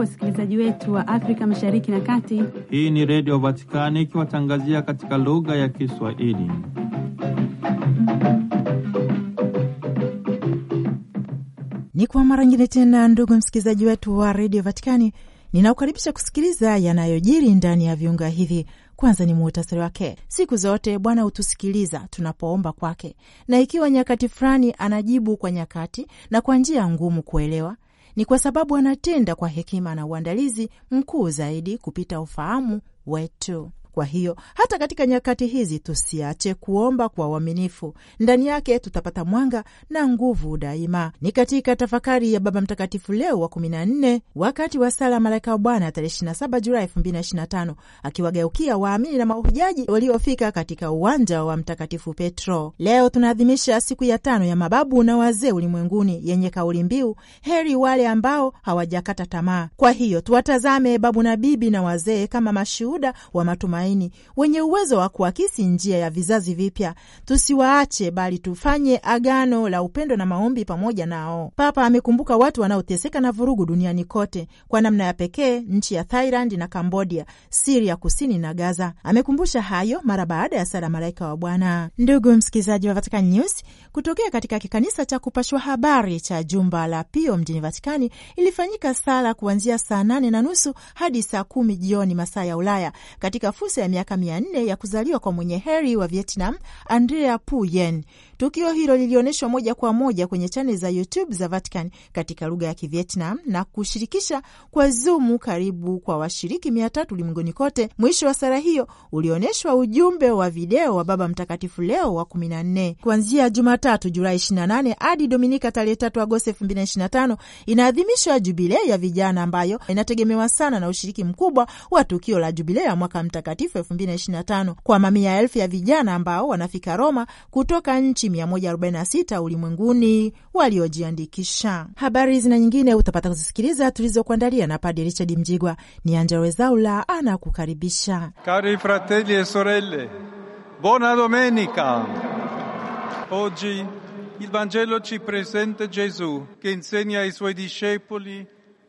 Hujambo wasikilizaji wetu wa Afrika mashariki na kati. Hii ni Redio Vatikani ikiwatangazia katika lugha ya Kiswahili. Ni kwa mara nyingine tena, ndugu msikilizaji wetu wa Redio Vatikani, ninaokaribisha kusikiliza yanayojiri ndani ya viunga hivi. Kwanza ni muhutasari wake. Siku zote Bwana hutusikiliza tunapoomba kwake, na ikiwa nyakati fulani anajibu kwa nyakati na kwa njia ngumu kuelewa ni kwa sababu anatenda kwa hekima na uandalizi mkuu zaidi kupita ufahamu wetu. Kwa hiyo hata katika nyakati hizi tusiache kuomba kwa uaminifu. Ndani yake tutapata mwanga na nguvu daima. Ni katika tafakari ya Baba Mtakatifu Leo wa 14 wakati wa sala Malaika wa Bwana tarehe 27 Julai 2025 akiwageukia waamini na mahujaji waliofika katika uwanja wa Mtakatifu Petro. Leo tunaadhimisha siku ya tano ya mababu na wazee ulimwenguni yenye kauli mbiu heri wale ambao hawajakata tamaa. Kwa hiyo tuwatazame babu na bibi na wazee kama mashuhuda wa matumaini matumaini, wenye uwezo wa kuakisi njia ya vizazi vipya. Tusiwaache bali tufanye agano la upendo na maombi pamoja nao. Papa amekumbuka watu wanaoteseka na vurugu duniani kote, kwa namna ya pekee nchi ya Thailand na Kambodia, Siria Kusini na Gaza. Amekumbusha hayo mara baada ya sala Malaika wa Bwana. Ndugu msikilizaji wa Vatican News, kutokea katika kikanisa cha kupashwa habari cha jumba la Pio mjini Vatikani ilifanyika sala kuanzia saa nane na nusu hadi saa kumi jioni masaa ya Ulaya katika fursa ya miaka mia nne ya kuzaliwa kwa mwenye heri wa Vietnam Andrea puyen Tukio hilo lilionyeshwa moja kwa moja kwenye chaneli za YouTube za Vatican katika lugha ya Kivietnam na kushirikisha kwa zumu karibu kwa washiriki mia tatu ulimwenguni kote. Mwisho wa sara hiyo ulionyeshwa ujumbe wa video wa Baba Mtakatifu Leo wa kumi na nne kuanzia Jumatatu Julai 28 hadi Dominika tarehe 3 Agosti 2025 inaadhimishwa Jubilei ya vijana ambayo inategemewa sana na ushiriki mkubwa wa tukio la Jubilei ya mwaka mtakatifu 2025 kwa mamia elfu ya vijana ambao wanafika Roma kutoka nchi 146 ulimwenguni waliojiandikisha. Habari hizi na nyingine utapata kuzisikiliza tulizokuandalia na Padre Richard Mjigwa. Ni Angelo Wezaula anakukaribisha. Cari fratelli e sorelle, buona domenica. Oggi il Vangelo ci presenta Gesù che insegna ai suoi discepoli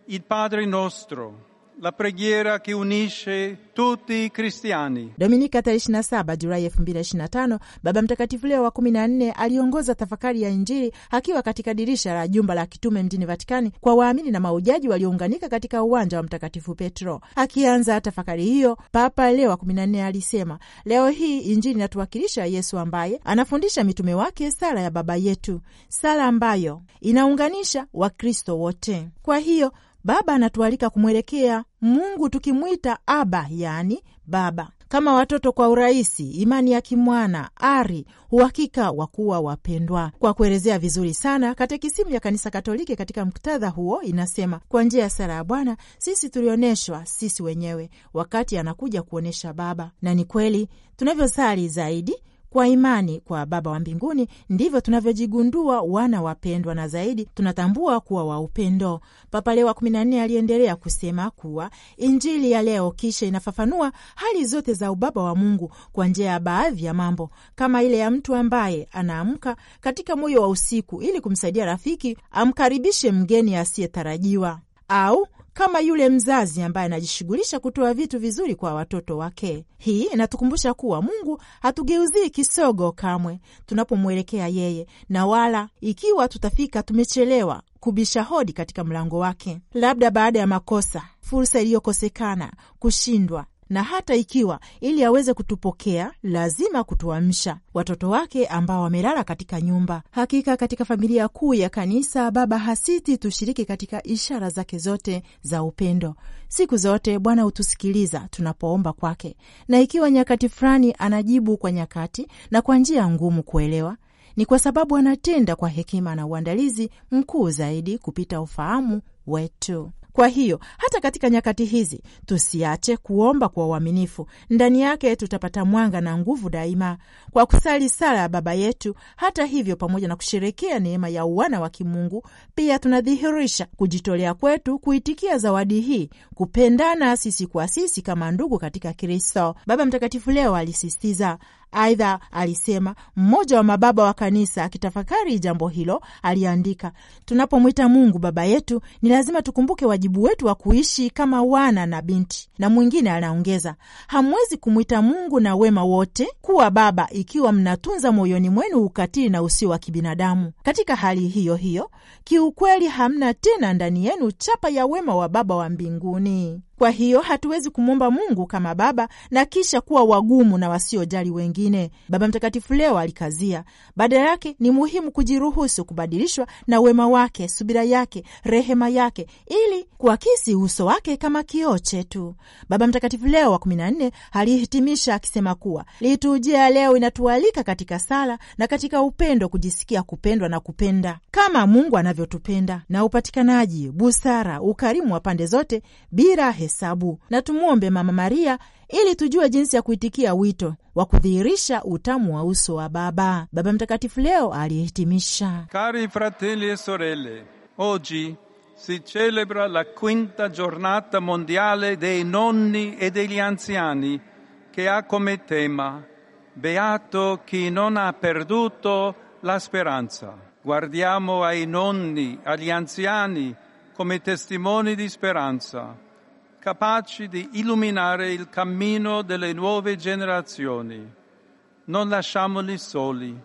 il Padre nostro la preghiera che unisce tutti i cristiani. Dominika tarehe 27 Julai 2025, Baba Mtakatifu Leo wa 14 aliongoza tafakari ya Injili akiwa katika dirisha la jumba la kitume mjini Vatikani kwa waamini na maujaji waliounganika katika uwanja wa Mtakatifu Petro. Akianza tafakari hiyo, Papa Leo wa 14 alisema, leo hii Injili inatuwakilisha Yesu ambaye anafundisha mitume wake sala ya Baba yetu, sala ambayo inaunganisha Wakristo wote. Kwa hiyo Baba anatualika kumwelekea Mungu tukimwita Aba, yaani Baba, kama watoto kwa urahisi, imani ya kimwana, ari, uhakika wa kuwa wapendwa. Kwa kuelezea vizuri sana, katekisimu ya Kanisa Katoliki katika muktadha huo inasema, kwa njia ya sala ya Bwana sisi tulionyeshwa sisi wenyewe wakati anakuja kuonyesha Baba. Na ni kweli tunavyosali zaidi kwa imani kwa Baba wa mbinguni ndivyo tunavyojigundua wana wapendwa, na zaidi tunatambua kuwa wa upendo. Papa Leo wa 14 aliendelea kusema kuwa injili ya leo kisha inafafanua hali zote za ubaba wa Mungu kwa njia ya baadhi ya mambo kama ile ya mtu ambaye anaamka katika moyo wa usiku ili kumsaidia rafiki amkaribishe mgeni asiyetarajiwa au kama yule mzazi ambaye anajishughulisha kutoa vitu vizuri kwa watoto wake. Hii inatukumbusha kuwa Mungu hatugeuzii kisogo kamwe tunapomwelekea yeye, na wala ikiwa tutafika tumechelewa kubisha hodi katika mlango wake, labda baada ya makosa, fursa iliyokosekana, kushindwa na hata ikiwa ili aweze kutupokea lazima kutuamsha watoto wake ambao wamelala katika nyumba. Hakika katika familia kuu ya kanisa, Baba hasiti tushiriki katika ishara zake zote za upendo. Siku zote Bwana hutusikiliza tunapoomba kwake, na ikiwa nyakati fulani anajibu kwa nyakati na kwa njia ngumu kuelewa ni kwa sababu anatenda kwa hekima na uandalizi mkuu zaidi kupita ufahamu wetu. Kwa hiyo hata katika nyakati hizi tusiache kuomba kwa uaminifu. Ndani yake tutapata mwanga na nguvu daima, kwa kusali sala ya Baba yetu. Hata hivyo, pamoja na kusherekea neema ya uwana wa kimungu, pia tunadhihirisha kujitolea kwetu kuitikia zawadi hii, kupendana sisi kwa sisi kama ndugu katika Kristo. Baba Mtakatifu leo alisisitiza Aidha alisema mmoja wa mababa wa kanisa akitafakari jambo hilo aliandika, tunapomwita Mungu baba yetu ni lazima tukumbuke wajibu wetu wa kuishi kama wana na binti. Na mwingine anaongeza, hamwezi kumwita Mungu na wema wote kuwa baba ikiwa mnatunza moyoni mwenu ukatili na usio wa kibinadamu. Katika hali hiyo hiyo, kiukweli hamna tena ndani yenu chapa ya wema wa Baba wa mbinguni. Kwa hiyo hatuwezi kumwomba Mungu kama Baba na kisha kuwa wagumu na wasiojali wengine. Baba Mtakatifu leo alikazia, badala yake ni muhimu kujiruhusu kubadilishwa na wema wake, subira yake, rehema yake, ili kuakisi uso wake kama kioo chetu. Baba Mtakatifu Leo wa kumi na nne alihitimisha akisema kuwa liturujia leo inatualika katika sala na katika upendo kujisikia kupendwa na kupenda kama Mungu anavyotupenda na upatikanaji busara, ukarimu wa pande zote bila hesabu, na tumwombe Mama Maria ili tujue jinsi ya kuitikia wito wa kudhihirisha utamu wa uso wa Baba. Baba Mtakatifu leo alihitimisha: cari fratelli e sorelle oggi si celebra la quinta giornata mondiale dei nonni e degli anziani che ha come tema beato chi non ha perduto la speranza. Guardiamo ai nonni, agli anziani come testimoni di speranza capaci di illuminare il cammino delle nuove generazioni. Non lasciamoli soli,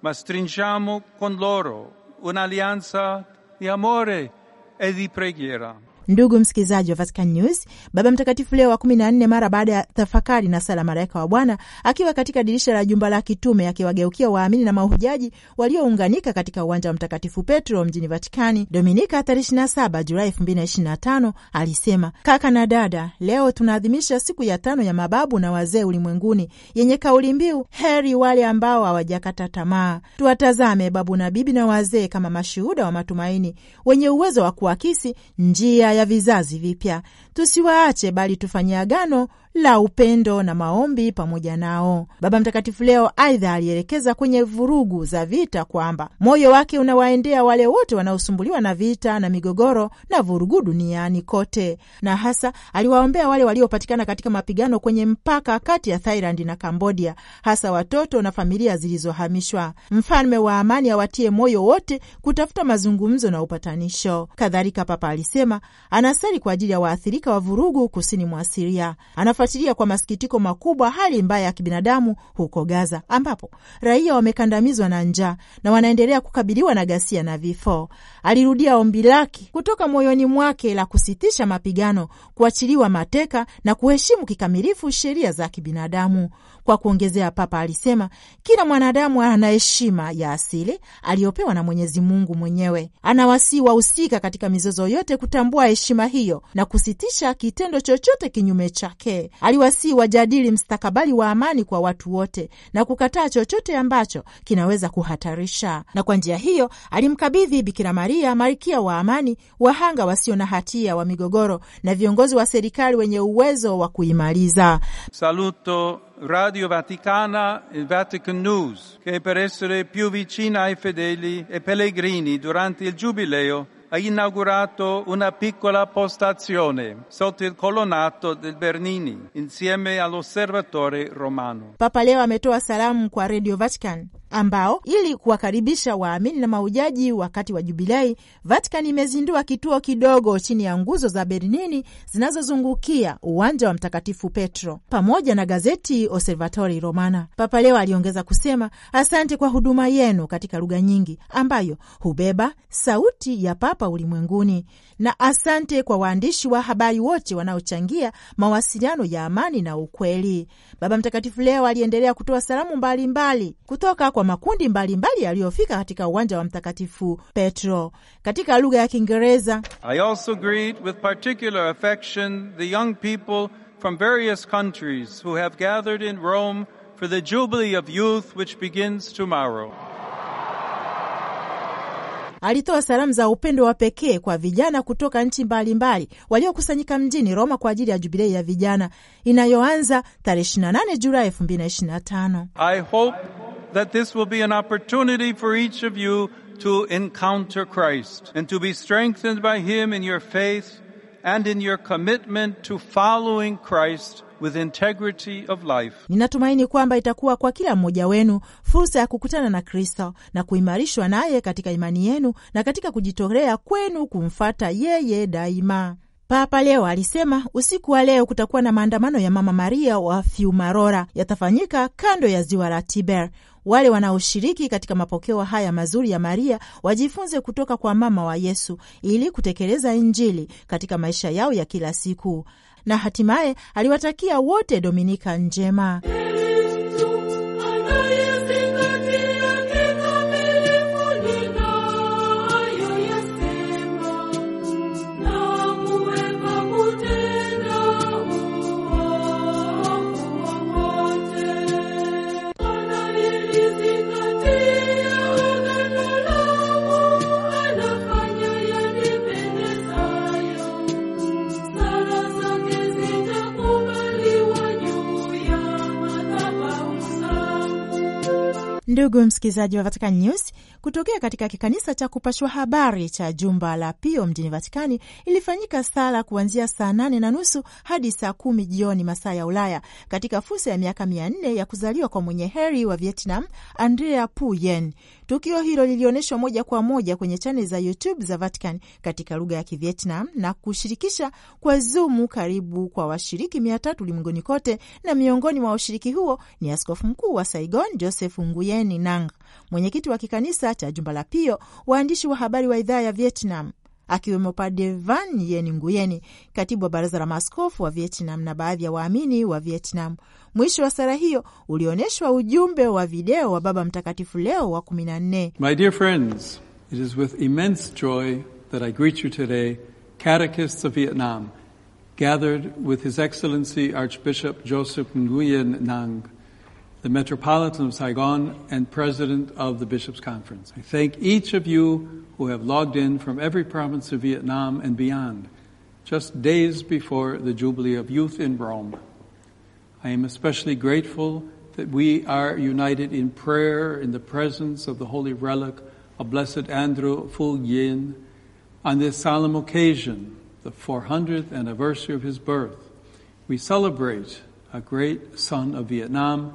ma stringiamo con loro un'alleanza di amore e di preghiera. Ndugu msikilizaji wa Vatican News, Baba Mtakatifu Leo wa kumi na nne, mara baada ya tafakari na sala malaika wa Bwana, akiwa katika dirisha la jumba la kitume, akiwageukia waamini na mahujaji waliounganika katika uwanja wa Mtakatifu Petro mjini Vatikani Dominika tarehe 27 Julai 2025 alisema: kaka na dada, leo tunaadhimisha siku ya tano ya mababu na wazee ulimwenguni yenye kauli mbiu heri wale ambao hawajakata tamaa. Tuwatazame babu na bibi na wazee kama mashuhuda wa matumaini wenye uwezo wa kuakisi njia ya vizazi vipya. Tusiwaache, bali tufanye agano la upendo na maombi pamoja nao. Baba Mtakatifu leo aidha alielekeza kwenye vurugu za vita kwamba moyo wake unawaendea wale wote wanaosumbuliwa na vita na migogoro na vurugu duniani kote, na hasa aliwaombea wale waliopatikana katika mapigano kwenye mpaka kati ya Thailand na Kambodia, hasa watoto na familia zilizohamishwa. Mfalme wa amani awatie moyo wote kutafuta mazungumzo na upatanisho. Kadhalika, Papa alisema anasali kwa ajili ya waathirika wa vurugu kusini mwa Siria kufuatilia kwa masikitiko makubwa hali mbaya ya kibinadamu huko Gaza, ambapo raia wamekandamizwa na njaa na wanaendelea kukabiliwa na ghasia na vifo alirudia ombi lake kutoka moyoni mwake la kusitisha mapigano, kuachiliwa mateka na kuheshimu kikamilifu sheria za kibinadamu. Kwa kuongezea, Papa alisema kila mwanadamu ana heshima ya asili aliyopewa na Mwenyezi Mungu mwenyewe. Anawasihi wahusika katika mizozo yote kutambua heshima hiyo na kusitisha kitendo chochote kinyume chake. aliwasi wajadili mstakabali wa amani kwa watu wote na kukataa chochote ambacho kinaweza kuhatarisha, na kwa njia hiyo alimkabidhi Bikira Maria kuwachukulia malkia wa amani wahanga wasio na hatia wa migogoro na viongozi wa serikali wenye uwezo wa kuimaliza. Saluto Radio Vaticana e Vatican News che per essere più vicina ai fedeli e pellegrini durante il giubileo ha inaugurato una piccola postazione sotto il colonnato del Bernini insieme all'osservatore romano. Papa leo ametoa salamu kwa Radio Vatican ambao ili kuwakaribisha waamini na maujaji wakati wa jubilei, Vatican imezindua kituo kidogo chini ya nguzo za Bernini zinazozungukia uwanja wa Mtakatifu Petro pamoja na gazeti Osservatori Romana. Papa leo aliongeza kusema, asante kwa huduma yenu katika lugha nyingi ambayo hubeba sauti ya Papa hapa ulimwenguni. Na asante kwa waandishi wa habari wote wanaochangia mawasiliano ya amani na ukweli. Baba Mtakatifu leo aliendelea kutoa salamu mbalimbali mbali kutoka kwa makundi mbalimbali yaliyofika katika uwanja wa Mtakatifu Petro katika lugha ya Kiingereza. I also greet with particular affection the young people from various countries who have gathered in Rome for the Jubilee of Youth which begins tomorrow. alitoa salamu za upendo wa pekee kwa vijana kutoka nchi mbalimbali waliokusanyika mjini Roma kwa ajili ya jubilei ya vijana inayoanza tarehe 28 Julai 2025. I hope that this will be an opportunity for each of you to encounter Christ and to be strengthened by him in your faith and in your commitment to following Christ with integrity of life. Ninatumaini kwamba itakuwa kwa kila mmoja wenu fursa ya kukutana na Kristo na kuimarishwa naye katika imani yenu na katika kujitolea kwenu kumfata yeye daima. Papa leo alisema usiku wa leo kutakuwa na maandamano ya Mama Maria wa Fiumarora yatafanyika kando ya ziwa la Tiber. Wale wanaoshiriki katika mapokeo haya mazuri ya Maria wajifunze kutoka kwa mama wa Yesu ili kutekeleza Injili katika maisha yao ya kila siku. Na hatimaye aliwatakia wote Dominika njema. Ndugu msikilizaji wa Vatican News, kutokea katika kikanisa cha kupashwa habari cha jumba la Pio mjini Vatikani ilifanyika sala kuanzia saa nane na nusu hadi saa kumi jioni masaa ya Ulaya, katika fursa ya miaka mia nne ya kuzaliwa kwa mwenye heri wa Vietnam Andrea Puyen. Tukio hilo lilionyeshwa moja kwa moja kwenye chaneli za YouTube za Vatican katika lugha ya Kivietnam na kushirikisha kwa zumu karibu kwa washiriki mia tatu ulimwenguni kote, na miongoni mwa ushiriki huo ni askofu mkuu wa Saigon Joseph Nguyeni Nang, mwenyekiti wa kikanisa cha Jumba la Pio, waandishi wa habari wa idhaa ya Vietnam, akiwemo Padre Van Yen Nguyeni, katibu wa baraza la maaskofu wa Vietnam na baadhi ya waamini wa Vietnam. Mwisho wa sara hiyo ulionyeshwa ujumbe wa video wa Baba Mtakatifu Leo wa 14. My dear friends, it is with immense joy that I greet you today, catechists of Vietnam, gathered with His Excellency Archbishop Joseph Nguyen Nang the Metropolitan of Saigon, and President of the Bishops' Conference. I thank each of you who have logged in from every province of Vietnam and beyond, just days before the Jubilee of Youth in Rome. I am especially grateful that we are united in prayer in the presence of the holy relic of Blessed Andrew Phu Yin on this solemn occasion, the 400th anniversary of his birth. We celebrate a great son of Vietnam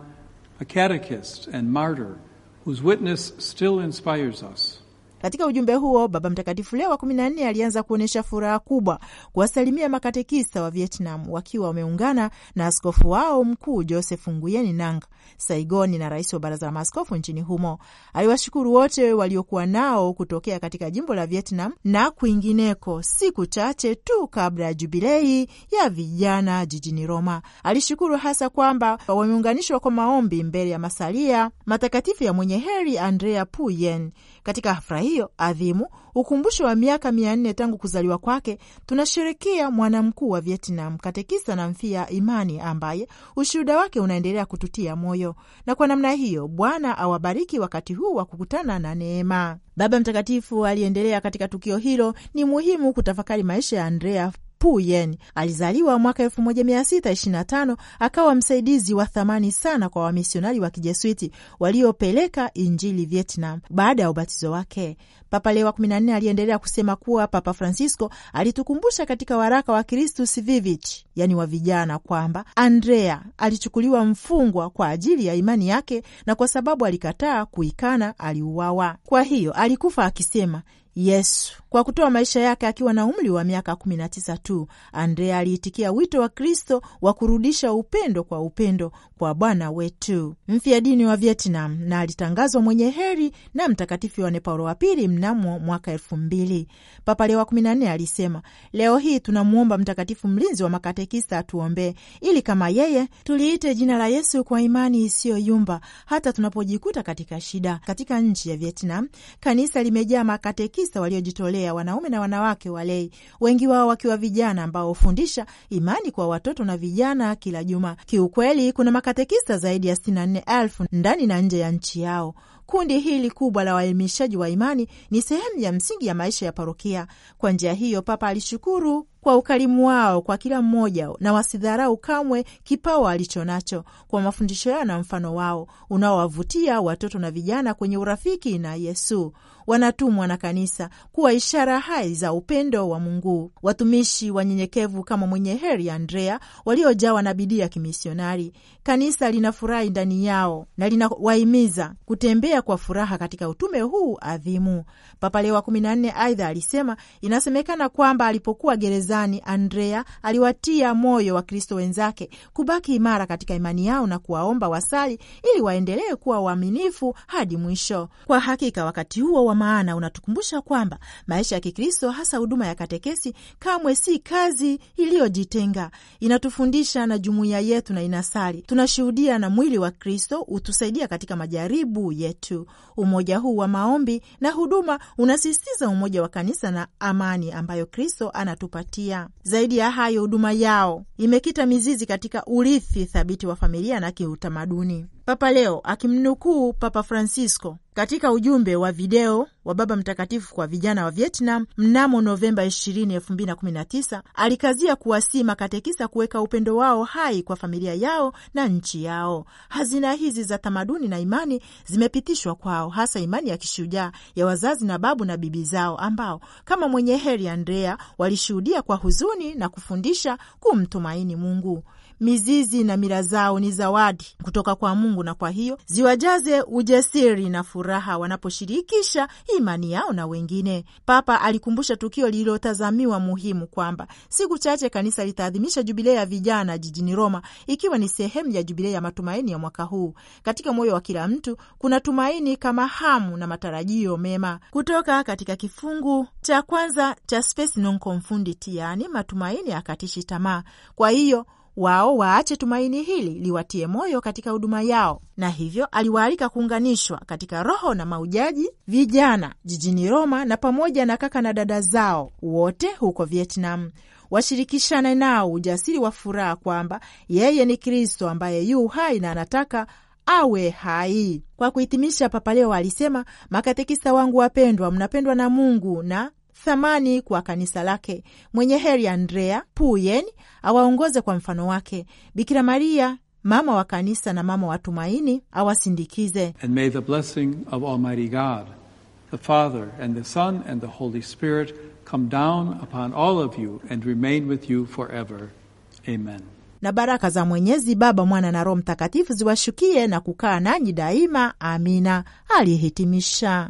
a catechist and martyr whose witness still inspires us. Katika ujumbe huo, Baba Mtakatifu Leo wa kumi na nne alianza kuonyesha furaha kubwa kuwasalimia makatekista wa Vietnam wakiwa wameungana na askofu wao mkuu Joseph Nguyeni Nang Saigoni na rais wa baraza la maaskofu nchini humo. Aliwashukuru wote waliokuwa nao kutokea katika jimbo la Vietnam na kwingineko, siku chache tu kabla ya jubilei ya vijana jijini Roma. Alishukuru hasa kwamba wameunganishwa kwa maombi mbele ya masalia matakatifu ya mwenye heri Andrea Puyen katika hafla hiyo adhimu, ukumbusho wa miaka mia nne tangu kuzaliwa kwake, tunasherekea mwana mkuu wa Vietnam, katekisa na mfia imani, ambaye ushuhuda wake unaendelea kututia moyo. Na kwa namna hiyo, Bwana awabariki wakati huu wa kukutana na neema. Baba Mtakatifu aliendelea katika tukio hilo, ni muhimu kutafakari maisha ya Andrea Puyen alizaliwa mwaka 1625 akawa msaidizi wa thamani sana kwa wamisionari wa Kijesuiti waliopeleka Injili Vietnam. Baada ya ubatizo wake, Papa Leo wa 14 aliendelea kusema kuwa Papa Francisco alitukumbusha katika waraka wa Kristus Vivit, yani wa vijana, kwamba Andrea alichukuliwa mfungwa kwa ajili ya imani yake, na kwa sababu alikataa kuikana aliuawa. Kwa hiyo alikufa akisema Yesu kwa kutoa maisha yake akiwa na umri wa miaka 19 tu, Andrea aliitikia wito wa Kristo wa kurudisha upendo kwa upendo kwa Bwana wetu, mfia dini wa Vietnam, na alitangazwa mwenye heri na Mtakatifu Yohane Paulo wa Pili mnamo mwaka elfu mbili. Papa Leo wa kumi na nne alisema, leo hii tunamwomba Mtakatifu mlinzi wa makatekista atuombee ili kama yeye tuliite jina la Yesu kwa imani isiyoyumba hata tunapojikuta katika shida. Katika nchi ya Vietnam kanisa limejaa makatekista waliojitolea ya wanaume na wanawake walei, wengi wao wakiwa vijana ambao hufundisha imani kwa watoto na vijana kila juma. Kiukweli, kuna makatekista zaidi ya 64,000 ndani na nje ya nchi yao. Kundi hili kubwa la waelimishaji wa imani ni sehemu ya msingi ya maisha ya parokia. Kwa njia hiyo, Papa alishukuru kwa ukarimu wao kwa kila mmoja, na wasidharau kamwe kipawa alicho nacho, kwa mafundisho yao na mfano wao unaowavutia watoto na vijana kwenye urafiki na Yesu wanatumwa na kanisa kuwa ishara hai za upendo wa Mungu, watumishi wanyenyekevu kama mwenye heri Andrea, waliojawa na bidii ya kimisionari. Kanisa linafurahi ndani yao na linawahimiza kutembea kwa furaha katika utume huu adhimu. Papa Leo wa kumi aidha alisema, inasemekana kwamba alipokuwa gerezani Andrea aliwatia moyo wa kristo wenzake kubaki imara katika imani yao na kuwaomba wasali ili waendelee kuwa waaminifu hadi mwisho. Kwa hakika wakati huo wa maana unatukumbusha kwamba maisha ya Kikristo, hasa huduma ya katekesi, kamwe si kazi iliyojitenga. Inatufundisha na jumuiya yetu na inasali, tunashuhudia na mwili wa Kristo hutusaidia katika majaribu yetu. Umoja huu wa maombi na huduma unasisitiza umoja wa kanisa na amani ambayo Kristo anatupatia. Zaidi ya hayo, huduma yao imekita mizizi katika urithi thabiti wa familia na kiutamaduni. Papa leo akimnukuu Papa Francisco katika ujumbe wa video wa Baba Mtakatifu kwa vijana wa Vietnam mnamo Novemba 20, 2019 alikazia kuwasii makatekisa kuweka upendo wao hai kwa familia yao na nchi yao. Hazina hizi za tamaduni na imani zimepitishwa kwao, hasa imani ya kishujaa ya wazazi na babu na bibi zao, ambao kama mwenye heri Andrea walishuhudia kwa huzuni na kufundisha kumtumaini Mungu mizizi na mila zao ni zawadi kutoka kwa Mungu, na kwa hiyo ziwajaze ujasiri na furaha wanaposhirikisha imani yao na wengine. Papa alikumbusha tukio lililotazamiwa muhimu kwamba siku chache kanisa litaadhimisha jubilei ya vijana jijini Roma, ikiwa ni sehemu ya jubilei ya matumaini ya mwaka huu. Katika moyo wa kila mtu kuna tumaini kama hamu na matarajio mema, kutoka katika kifungu cha kwanza cha Spes non confundit, yaani matumaini akatishi tamaa. Kwa hiyo wao waache tumaini hili liwatie moyo katika huduma yao, na hivyo aliwaalika kuunganishwa katika roho na maujaji vijana jijini Roma, na pamoja na kaka na dada zao wote huko Vietnam washirikishane nao ujasiri wa furaha kwamba yeye ni Kristo ambaye yu hai na anataka awe hai. Kwa kuhitimisha, Papa Leo alisema, makatekista wangu wapendwa, mnapendwa na Mungu na thamani kwa kanisa lake. Mwenye heri Andrea Puyen awaongoze kwa mfano wake. Bikira Maria mama wa kanisa na mama wa tumaini awasindikize. And may the blessing of Almighty God, the Father and the Son and the Holy Spirit come down upon all of you and remain with you forever. Amen. Na baraka za Mwenyezi Baba, Mwana na Roho Mtakatifu ziwashukie na kukaa nanyi daima. Amina. Aliyehitimisha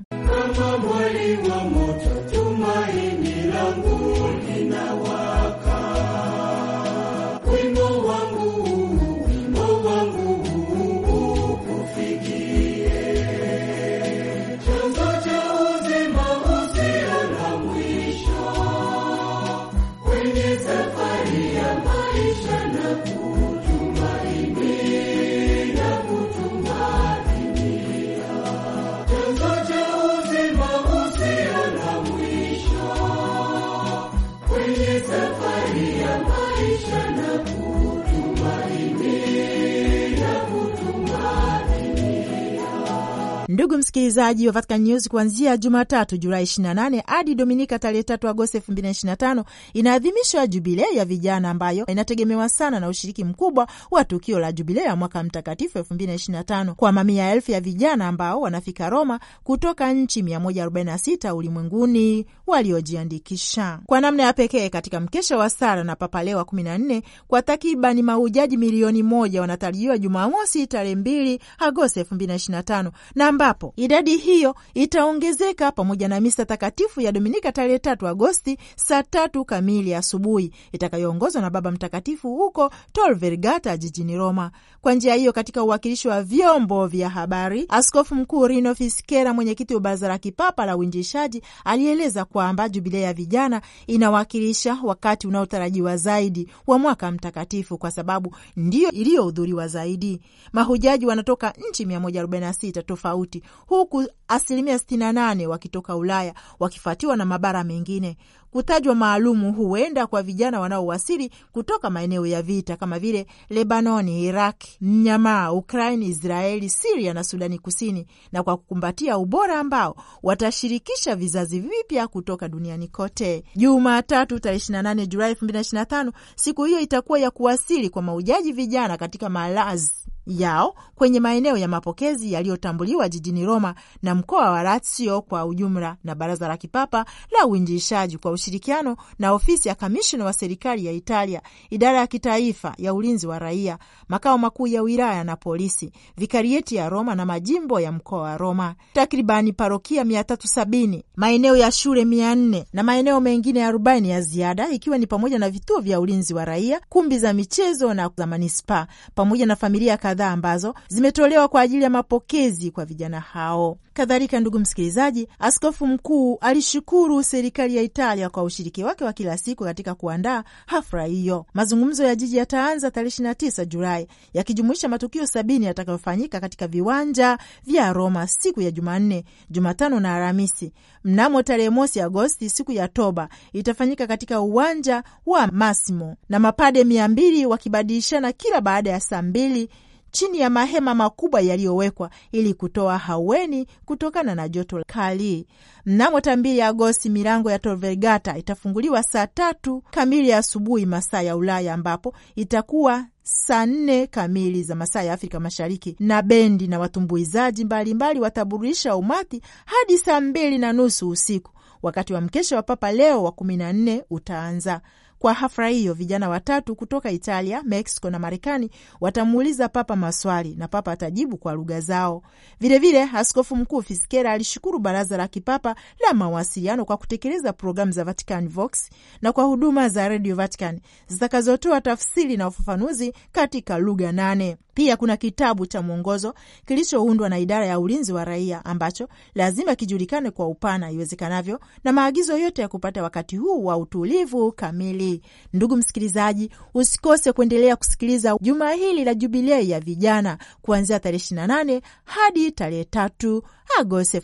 Ndugu Msikilizaji wa Vatican News, kuanzia Jumatatu Julai 28 hadi Dominika tarehe 3 Agosti 2025 inaadhimishwa jubilei ya vijana ambayo inategemewa sana na ushiriki mkubwa wa tukio la jubilei ya mwaka mtakatifu 2025 kwa mamia elfu ya vijana ambao wanafika Roma kutoka nchi 146 ulimwenguni waliojiandikisha kwa namna ya pekee katika mkesha wa sara na Papa Leo wa 14 kwa takriban mahujaji milioni moja wanatarajiwa Jumamosi tarehe 2 Agosti 2025 na ambapo Idadi hiyo itaongezeka pamoja na misa takatifu ya Dominika tarehe tatu Agosti saa tatu kamili asubuhi itakayoongozwa na Baba Mtakatifu huko Tor Vergata jijini Roma. Kwa njia hiyo, katika uwakilishi wa vyombo vya habari, Askofu Mkuu Rino Fiskera, mwenyekiti wa Baraza la Kipapa la Uinjishaji, alieleza kwamba Jubilia ya vijana inawakilisha wakati unaotarajiwa zaidi wa mwaka mtakatifu kwa sababu ndiyo iliyohudhuriwa zaidi. Mahujaji wanatoka nchi 146 tofauti huku asilimia 68 wakitoka Ulaya wakifuatiwa na mabara mengine. Kutajwa maalumu huenda kwa vijana wanaowasili kutoka maeneo ya vita kama vile Lebanoni, iraq Mnyamaa, Ukraini, Israeli, Siria na Sudani Kusini, na kwa kukumbatia ubora ambao watashirikisha vizazi vipya kutoka duniani kote. Jumatatu tarehe 28 Julai 2025, siku hiyo itakuwa ya kuwasili kwa maujaji vijana katika malazi yao kwenye maeneo ya mapokezi yaliyotambuliwa jijini Roma na mkoa wa Lazio kwa ujumla na Baraza la Kipapa la Uinjilishaji kwa ushirikiano na ofisi ya kamishina wa serikali ya Italia, idara ya kitaifa ya ulinzi wa raia, makao makuu ya wilaya na polisi, vikarieti ya Roma na majimbo ya mkoa wa Roma, takribani parokia 370, maeneo ya shule 400 na maeneo mengine 40 ya ziada, ikiwa ni pamoja na vituo vya ulinzi wa raia, kumbi za michezo na za manispaa, pamoja na familia kadhaa ambazo zimetolewa kwa ajili ya mapokezi kwa vijana hao. Kadhalika, ndugu msikilizaji, askofu mkuu alishukuru serikali ya Italia kwa ushiriki wake wa kila siku katika kuandaa hafla hiyo. Mazungumzo ya jiji yataanza tarehe 29 Julai yakijumuisha matukio sabini yatakayofanyika katika viwanja vya Roma siku ya Jumanne, Jumatano na Alhamisi. Mnamo tarehe mosi Agosti, siku ya toba itafanyika katika uwanja wa masimo na mapade mia mbili wakibadilishana kila baada ya saa mbili chini ya mahema makubwa yaliyowekwa ili kutoa haweni kutokana na joto kali. Mnamo tarehe mbili ya Agosti, milango ya Torvegata itafunguliwa saa tatu kamili asubuhi masaa ya Ulaya, ambapo itakuwa saa nne kamili za masaa ya Afrika Mashariki, na bendi na watumbuizaji mbalimbali wataburudisha umati hadi saa mbili na nusu usiku. Wakati wa mkesha wa Papa Leo wa kumi na nne utaanza. Kwa hafla hiyo, vijana watatu kutoka Italia, Mexico na Marekani watamuuliza Papa maswali na Papa atajibu kwa lugha zao. Vilevile, Askofu Mkuu Fiskera alishukuru Baraza la Kipapa la Mawasiliano kwa kutekeleza programu za Vatican Vox na kwa huduma za Radio Vatican zitakazotoa tafsiri na ufafanuzi katika lugha nane. Pia kuna kitabu cha mwongozo kilichoundwa na idara ya ulinzi wa raia ambacho lazima kijulikane kwa upana iwezekanavyo na maagizo yote ya kupata wakati huu wa utulivu kamili. Ndugu msikilizaji, usikose kuendelea kusikiliza juma hili la Jubilei ya vijana kuanzia tarehe 28 hadi tarehe tatu Agosti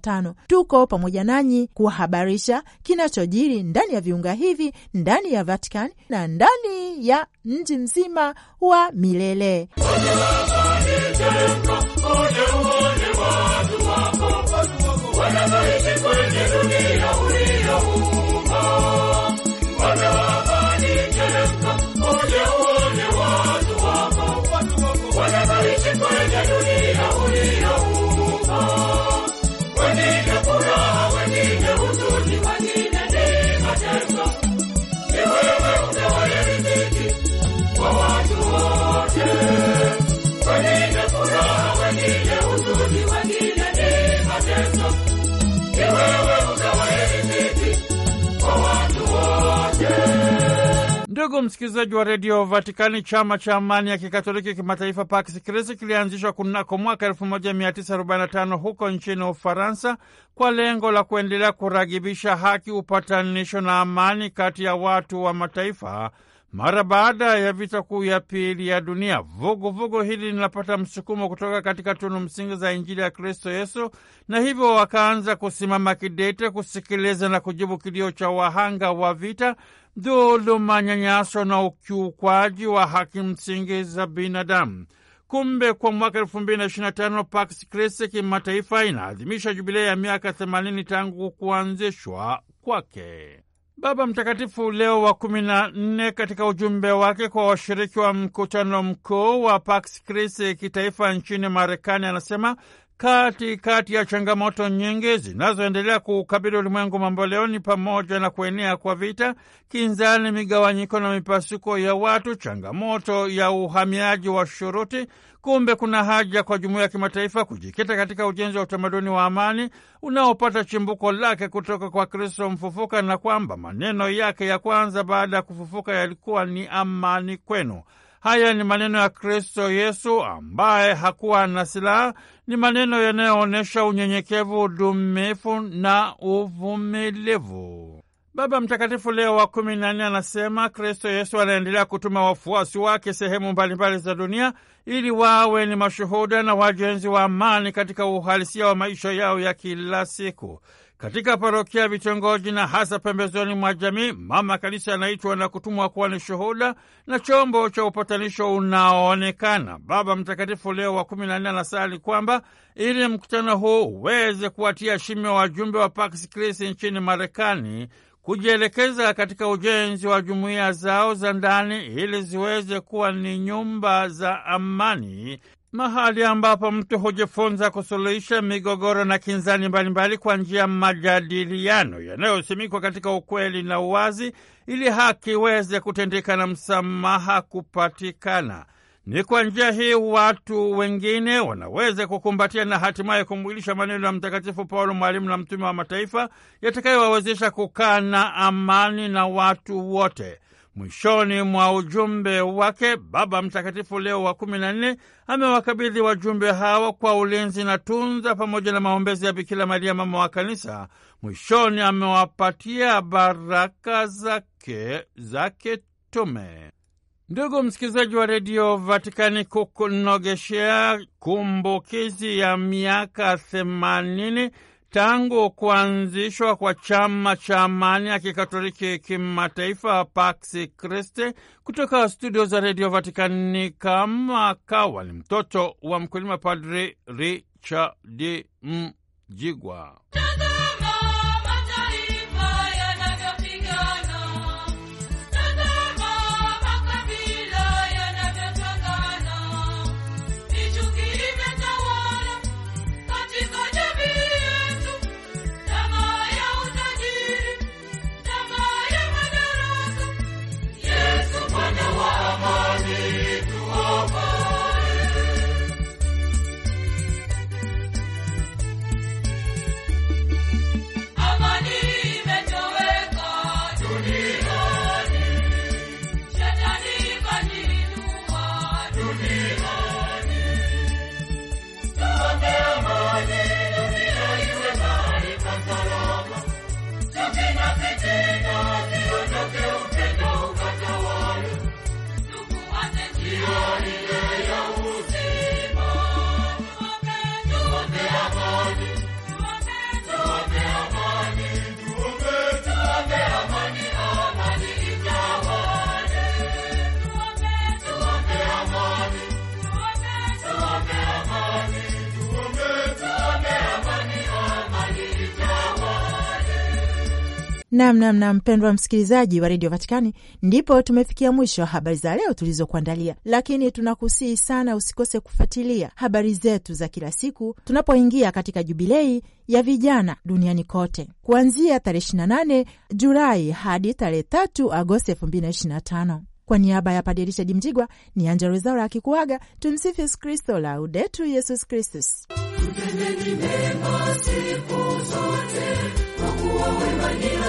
tano. Tuko pamoja nanyi kuwahabarisha kinachojiri ndani ya viunga hivi, ndani ya Vatican na ndani ya mji mzima wa milele. 我要的一切。Ndugu msikilizaji wa redio Vatikani, chama cha amani ya kikatoliki kimataifa Pax Christi kilianzishwa kunako mwaka 1945 huko nchini Ufaransa kwa lengo la kuendelea kuragibisha haki, upatanisho na amani kati ya watu wa mataifa mara baada ya vita kuu ya pili ya dunia. Vuguvugu vugu hili linapata msukumo kutoka katika tunu msingi za Injili ya Kristo Yesu, na hivyo wakaanza kusimama kidete kusikiliza na kujibu kilio cha wahanga wa vita dhuluma, nyanyaso na ukiukwaji wa haki msingi za binadamu. Kumbe kwa mwaka elfu mbili na ishirini na tano Pax Christi kimataifa inaadhimisha jubilei ya miaka themanini tangu kuanzishwa kwake. Baba Mtakatifu Leo wa kumi na nne katika ujumbe wake kwa washiriki wa mkutano mkuu wa Pax Christi kitaifa nchini Marekani anasema Katikati kati ya changamoto nyingi zinazoendelea kuukabili ulimwengu mamboleoni ni pamoja na kuenea kwa vita, kinzani, migawanyiko na mipasuko ya watu, changamoto ya uhamiaji wa shuruti. Kumbe kuna haja kwa jumuiya ya kimataifa kujikita katika ujenzi wa utamaduni wa amani unaopata chimbuko lake kutoka kwa Kristo mfufuka, na kwamba maneno yake ya kwanza baada ya kufufuka yalikuwa ni amani kwenu. Haya ni maneno ya Kristo Yesu ambaye hakuwa na silaha. Ni maneno yanayoonyesha unyenyekevu, udumifu na uvumilivu. Baba Mtakatifu Leo wa kumi na nne anasema Kristo Yesu anaendelea kutuma wafuasi wake sehemu mbalimbali za dunia ili wawe ni mashuhuda na wajenzi wa amani katika uhalisia wa maisha yao ya kila siku katika parokia, vitongoji na hasa pembezoni mwa jamii. Mama Kanisa anaitwa na kutumwa kuwa ni shuhuda na chombo cha upatanisho unaoonekana. Baba Mtakatifu Leo wa kumi na nne anasali kwamba ili mkutano huu uweze kuwatia shime wajumbe wa Pax Christi nchini Marekani kujielekeza katika ujenzi wa jumuiya zao za ndani ili ziweze kuwa ni nyumba za amani mahali ambapo mtu hujifunza kusuluhisha migogoro na kinzani mbalimbali kwa njia ya majadiliano yanayosimikwa katika ukweli na uwazi, ili haki iweze kutendeka na msamaha kupatikana. Ni kwa njia hii watu wengine wanaweza kukumbatia na hatimaye kumwilisha maneno ya Mtakatifu Paulo, mwalimu na mtume wa mataifa, yatakayowawezesha kukaa na amani na watu wote. Mwishoni mwa ujumbe wake, Baba Mtakatifu Leo wa kumi na nne amewakabidhi wajumbe hawa kwa ulinzi na tunza pamoja na maombezi ya Bikira Maria mama wa Kanisa. Mwishoni amewapatia baraka zake za ketume Ndugu msikilizaji wa redio Vatikani, kukunogeshea kumbukizi ya miaka themanini tangu kuanzishwa kwa chama cha amani ya kikatoliki kimataifa Pax Christi kutoka studio za redio Vatikani. Kama kawa ni mtoto wa mkulima, Padri Richard Mjigwa namnamna mpendwa msikilizaji wa redio Vatikani, ndipo tumefikia mwisho wa habari za leo tulizokuandalia, lakini tunakusihi sana usikose kufuatilia habari zetu za kila siku tunapoingia katika jubilei ya vijana duniani kote kuanzia tarehe 28 Julai hadi tarehe 3 Agosti 2025. Kwa niaba ya padirisha jimjigwa ni Angella Rwezaura akikuaga. Tumsifu Yesu Kristo, Laudetu Yesus Kristus. Tutendeni mema siku zote, kwa kuwa wema